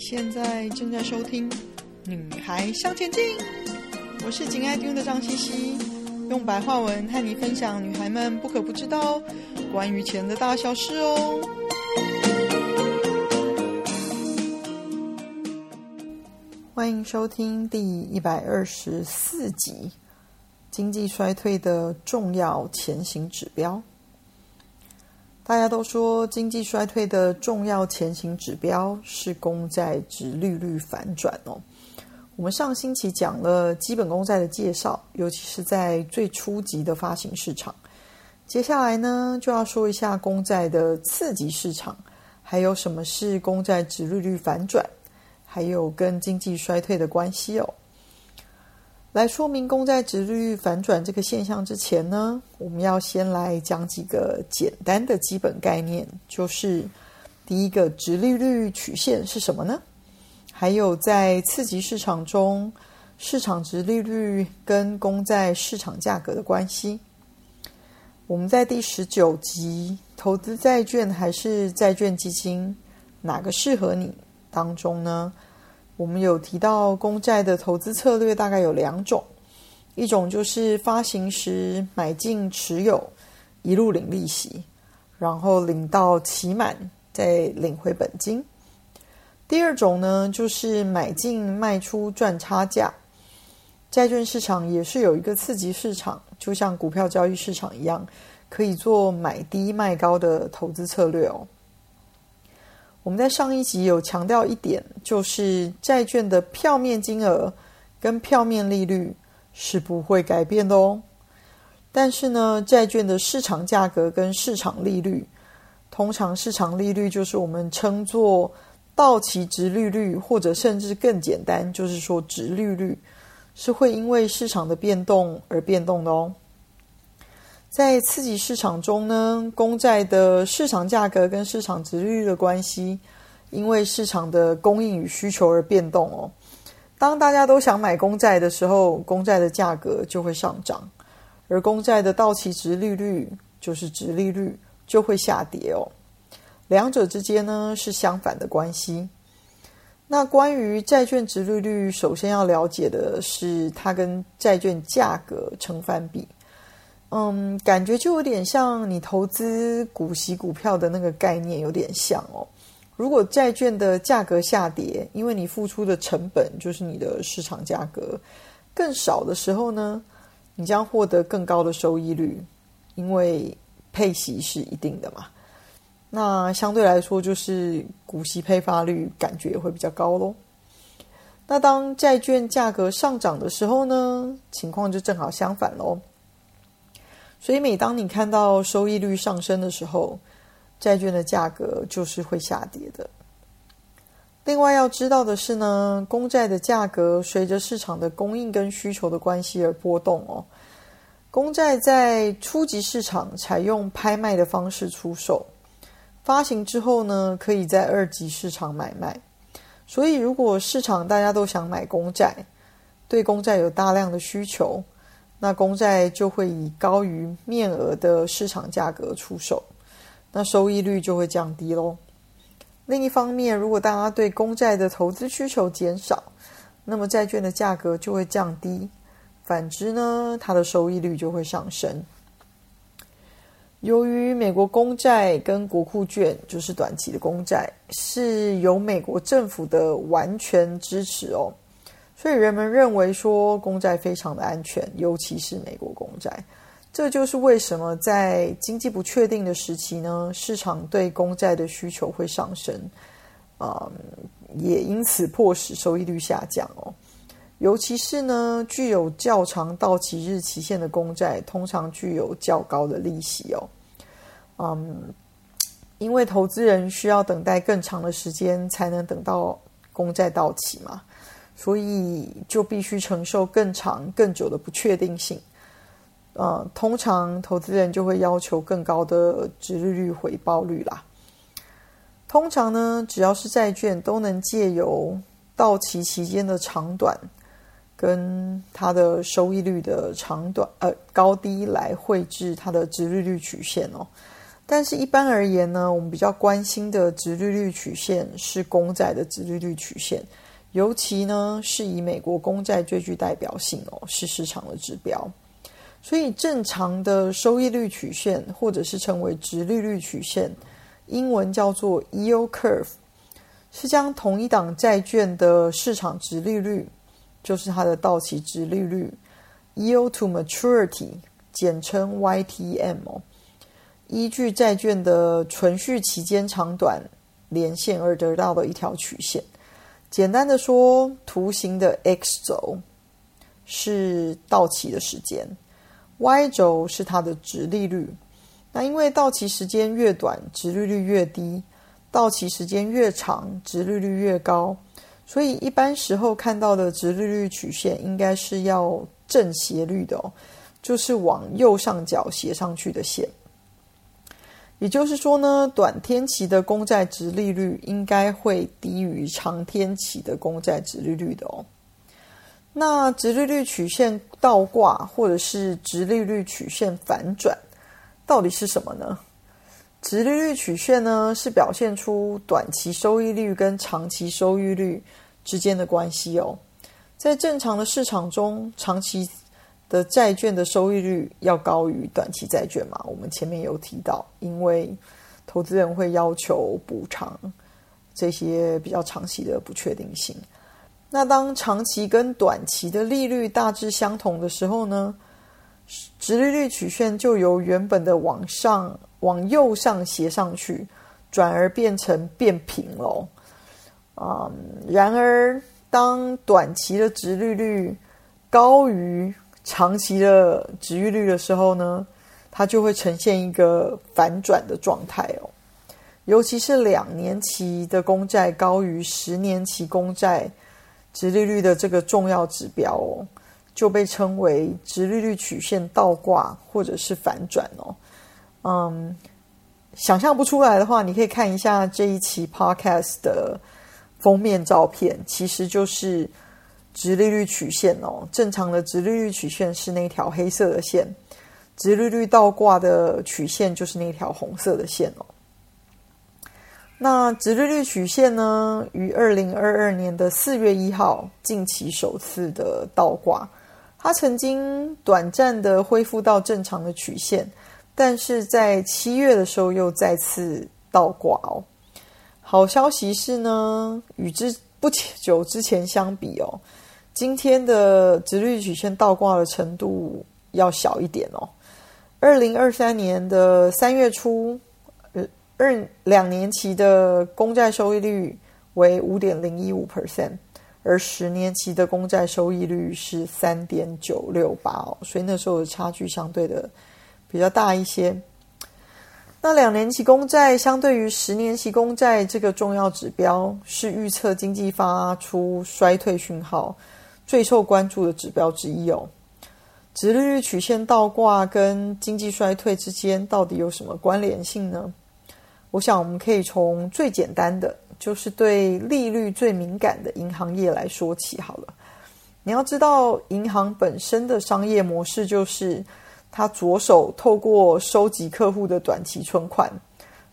現在正在收聽《女孩向錢進》，我是緊愛聽的張茜茜，用白話文和你分享女孩們不可不知道關於錢的大小事哦。歡迎收聽第一百二十四集《經濟衰退的重要前行指標》。大家都說經濟衰退的重要前行指標是公債殖利率反轉哦。我們上星期講了基本公債的介紹，尤其是在最初級的發行市場。接下來呢，就要說一下公債的次級市場，還有什麼是公債殖利率反轉，還有跟經濟衰退的關係哦。來說明公債殖利率反轉這個現象之前呢，我們要先來講幾個簡單的基本概念，就是第一個，殖利率曲線是什麼呢？還有在次級市場中，市場殖利率跟公債市場價格的關係。我們在第十九集“投資債券還是債券基金，哪個適合你”當中呢，我們有提到公債的投資策略大概有兩種，一種就是發行時買進持有，一路領利息，然後領到期滿再領回本金。第二種呢，就是買進賣出賺差價。債券市場也是有一個次級市場，就像股票交易市場一樣，可以做買低賣高的投資策略哦。我們在上一集有強調一點，就是債券的票面金額跟票面利率是不會改變的哦。但是呢，債券的市場價格跟市場利率，通常市場利率就是我們稱作到期殖利率，或者甚至更簡單，就是說殖利率，是會因為市場的變動而變動的哦。在次級市場中呢，公債的市場價格跟市場殖利率的關係，因為市場的供應與需求而變動哦。當大家都想買公債的時候，公債的價格就會上漲，而公債的到期殖利率，就是殖利率就會下跌哦。兩者之間呢，是相反的關係。那關於債券殖利率，首先要了解的是它跟債券價格成反比。嗯，感覺就有點像你投資股息股票的那個概念有點像哦。如果債券的價格下跌，因為你付出的成本就是你的市場價格更少的時候呢，你將獲得更高的收益率，因為配息是一定的嘛。那相對來說，就是股息配發率感覺也會比較高咯。那當債券價格上漲的時候呢，情況就正好相反咯。所以，每當你看到收益率上升的時候，債券的價格就是會下跌的。另外要知道的是呢，公債的價格隨着市場的供應跟需求的關係而波動哦。公債在初級市場採用拍賣的方式出售，發行之後呢，可以在二級市場買賣。所以，如果市場大家都想買公債，對公債有大量的需求。那公債就會以高於面額的市場價格出售，那收益率就會降低嘍。另一方面，如果大家對公債的投資需求減少，那麼債券的價格就會降低，反之呢，它的收益率就會上升。由於美國公債跟國庫券，就是短期的公債，是由美國政府的完全支持哦。所以人們認為說公債非常的安全，尤其是美國公債。這就是為什麼在經濟不確定的時期呢，市場對公債的需求會上升，啊、嗯，也因此迫使收益率下降哦。尤其是呢，具有較長到期日期限的公債，通常具有較高的利息哦。嗯，因為投資人需要等待更長的時間才能等到公債到期嘛。所以就必須承受更長、更久的不確定性。呃，通常投資人就會要求更高的殖利率回報率啦。通常呢，只要是債券，都能借由到期期間的長短跟它的收益率的長短呃、高低來繪製它的殖利率曲線哦、喔。但是，一般而言呢，我們比較關心的殖利率曲線是公債的殖利率曲線。尤其呢，是以美國公債最具代表性哦，是市場的指標。所以，正常的收益率曲線，或者是稱為殖利率曲線，英文叫做 yield curve，是將同一檔債券的市場殖利率，就是它的到期殖利率 （yield to maturity），簡稱 YTM，哦，依據債券的存續期間長短連線而得到的一條曲線。簡單的說，圖形的 x 軸是到期的時間，y 軸是它的殖利率。那因為到期時間越短，殖利率越低；到期時間越長，殖利率越高。所以一般時候看到的殖利率曲線應該是要正斜率的哦，就是往右上角斜上去的線。也就是說呢，短天期的公債殖利率應該會低於長天期的公債殖利率的哦。那殖利率曲線倒掛或者是殖利率曲線反轉，到底是什麼呢？殖利率曲線呢，是表現出短期收益率跟長期收益率之間的關係哦。在正常的市場中，長期。的債券的收益率要高於短期債券嘛。我們前面有提到，因為投資人會要求補償這些比較長期的不確定性。那當長期跟短期的利率大致相同的時候呢，殖利率曲線就由原本的往上、往右上斜上去，轉而變成變平了。嗯，然而當短期的殖利率高於長期的殖利率的時候呢，它就會呈現一個反轉的狀態哦。尤其是兩年期的公債高於十年期公債殖利率的這個重要指標哦，就被稱為殖利率曲線倒掛或者是反轉哦。嗯，想象不出來的話，你可以看一下這一期 Podcast 的封面照片，其實就是。殖利率曲線哦，正常的殖利率曲線是那條黑色的線，殖利率倒掛的曲線就是那條紅色的線哦。那殖利率曲線呢，於二零二二年的四月一號近期首次的倒掛，它曾經短暫的恢復到正常的曲線，但是在七月的時候又再次倒掛哦。好消息是呢，與之不久之前相比哦。今天的殖利率曲線倒掛的程度要小一點哦。二零二三年的三月初，呃，二兩年期的公債收益率為五點零一五 percent，而十年期的公債收益率是三點九六八哦，所以那時候的差距相對的比較大一些。那兩年期公債相對於十年期公債這個重要指標，是預測經濟發出衰退訊號。最受關注的指標之一哦，殖利率曲線倒掛跟經濟衰退之間到底有什麼關聯性呢？我想我們可以從最簡單的，就是對利率最敏感的銀行業來說起好了。你要知道，銀行本身的商業模式就是它左手透過收集客戶的短期存款，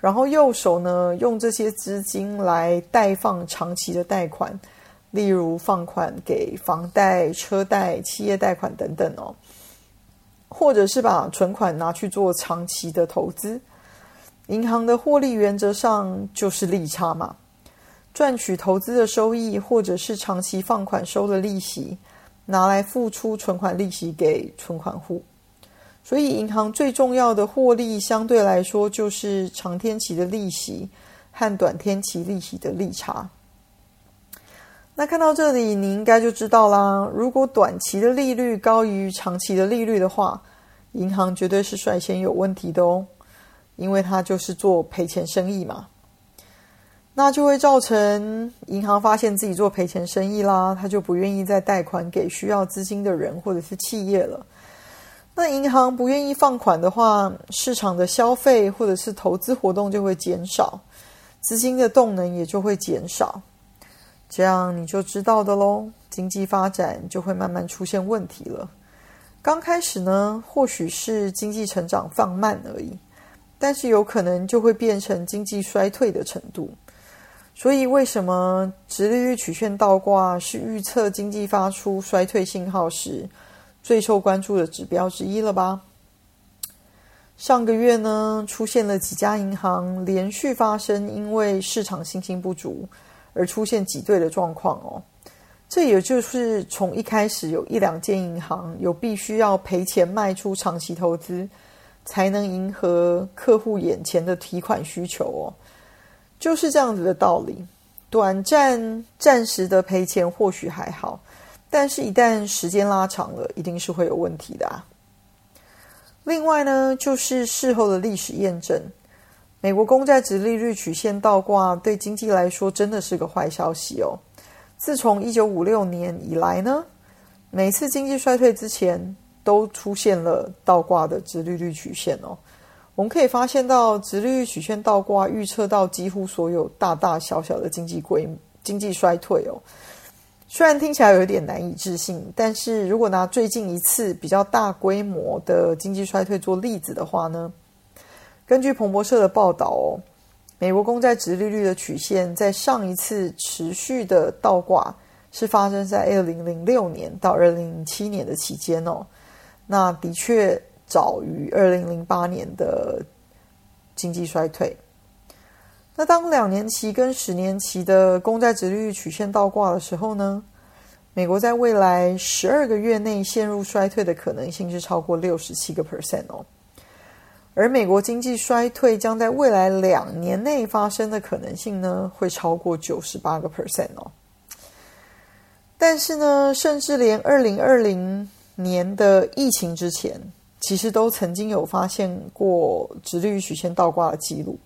然後右手呢，用這些資金來貸放長期的貸款。例如放款給房貸、車貸、企業貸款等等哦，或者是把存款拿去做長期的投資。銀行的獲利原則上就是利差嘛，賺取投資的收益，或者是長期放款收的利息，拿來付出存款利息給存款戶。所以，銀行最重要的獲利，相對來說就是長天期的利息和短天期利息的利差。那看到這裡，你應該就知道啦。如果短期的利率高於長期的利率的話，銀行絕對是率先有問題的哦，因為它就是做賠錢生意嘛。那就會造成銀行發現自己做賠錢生意啦，他就不願意再貸款給需要資金的人或者是企業了。那銀行不願意放款的話，市場的消費或者是投資活動就會減少，資金的動能也就會減少。這樣你就知道的咯，經濟發展就會慢慢出現問題了。剛開始呢，或許是經濟成長放慢而已，但是有可能就會變成經濟衰退的程度。所以，為什麼殖利率曲線倒掛是預測經濟發出衰退信號時最受關注的指標之一了吧？上個月呢，出現了幾家銀行連續發生，因為市場信心不足。而出現擠兌的狀況哦，這也就是從一開始有一兩間銀行有必須要賠錢賣出長期投資，才能迎合客戶眼前的提款需求哦，就是這樣子的道理。短暫、暫時的賠錢或許還好，但是一旦時間拉長了，一定是會有問題的啊。另外呢，就是事後的歷史驗證。美國公債殖利率曲線倒掛，對經濟來說真的是個壞消息哦。自從一九五六年以來呢，每次經濟衰退之前都出現了倒掛的殖利率曲線哦。我們可以發現到殖利率曲線倒掛預測到幾乎所有大大小小的經濟規經濟衰退哦。雖然聽起來有點難以置信，但是如果拿最近一次比較大規模的經濟衰退做例子的話呢？根據彭博社的報道哦，美國公債殖利率的曲線在上一次持續的倒掛是發生在二零零六年到二零零七年的期間哦。那的確早於二零零八年的經濟衰退。那當兩年期跟十年期的公債殖利率曲線倒掛的時候呢，美國在未來十二個月內陷入衰退的可能性是超過六十七個 percent 哦。而美國經濟衰退將在未來兩年內發生的可能性呢，會超過九十八個 percent 哦。但是呢，甚至連二零二零年的疫情之前，其實都曾經有發現過殖利率曲線倒掛的記錄。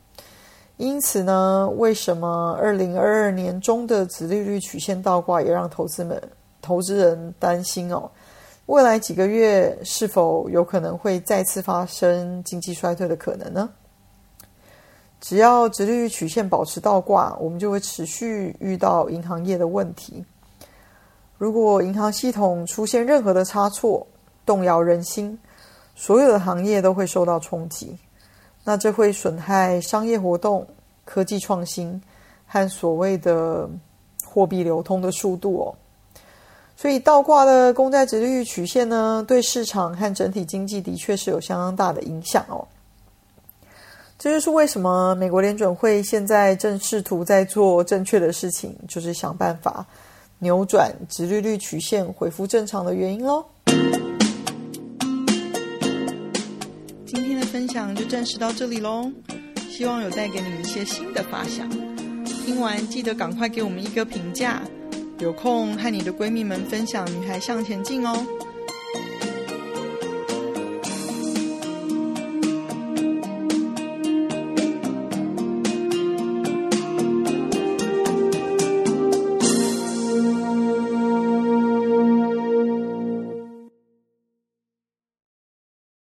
因此呢，為什麼二零二二年中的殖利率曲線倒掛也讓投資們、投資人擔心哦？未來幾個月是否有可能會再次發生經濟衰退的可能呢？只要殖利率曲線保持倒掛，我們就會持續遇到銀行業的問題。如果銀行系統出現任何的差錯，動搖人心，所有的行業都會受到衝擊。那這會損害商業活動、科技創新和所謂的貨幣流通的速度哦。所以倒掛的公債殖利率曲線呢，對市場和整體經濟的確是有相當大的影響哦。這就是為什麼美國聯準會現在正試圖在做正確的事情，就是想辦法扭轉殖利率曲線，恢復正常的原因嘍。今天的分享就暫時到這裡嘍，希望有帶給你一些新的發想。聽完記得趕快給我們一個評價。有空和你的閨蜜們分享《女孩向錢進》哦。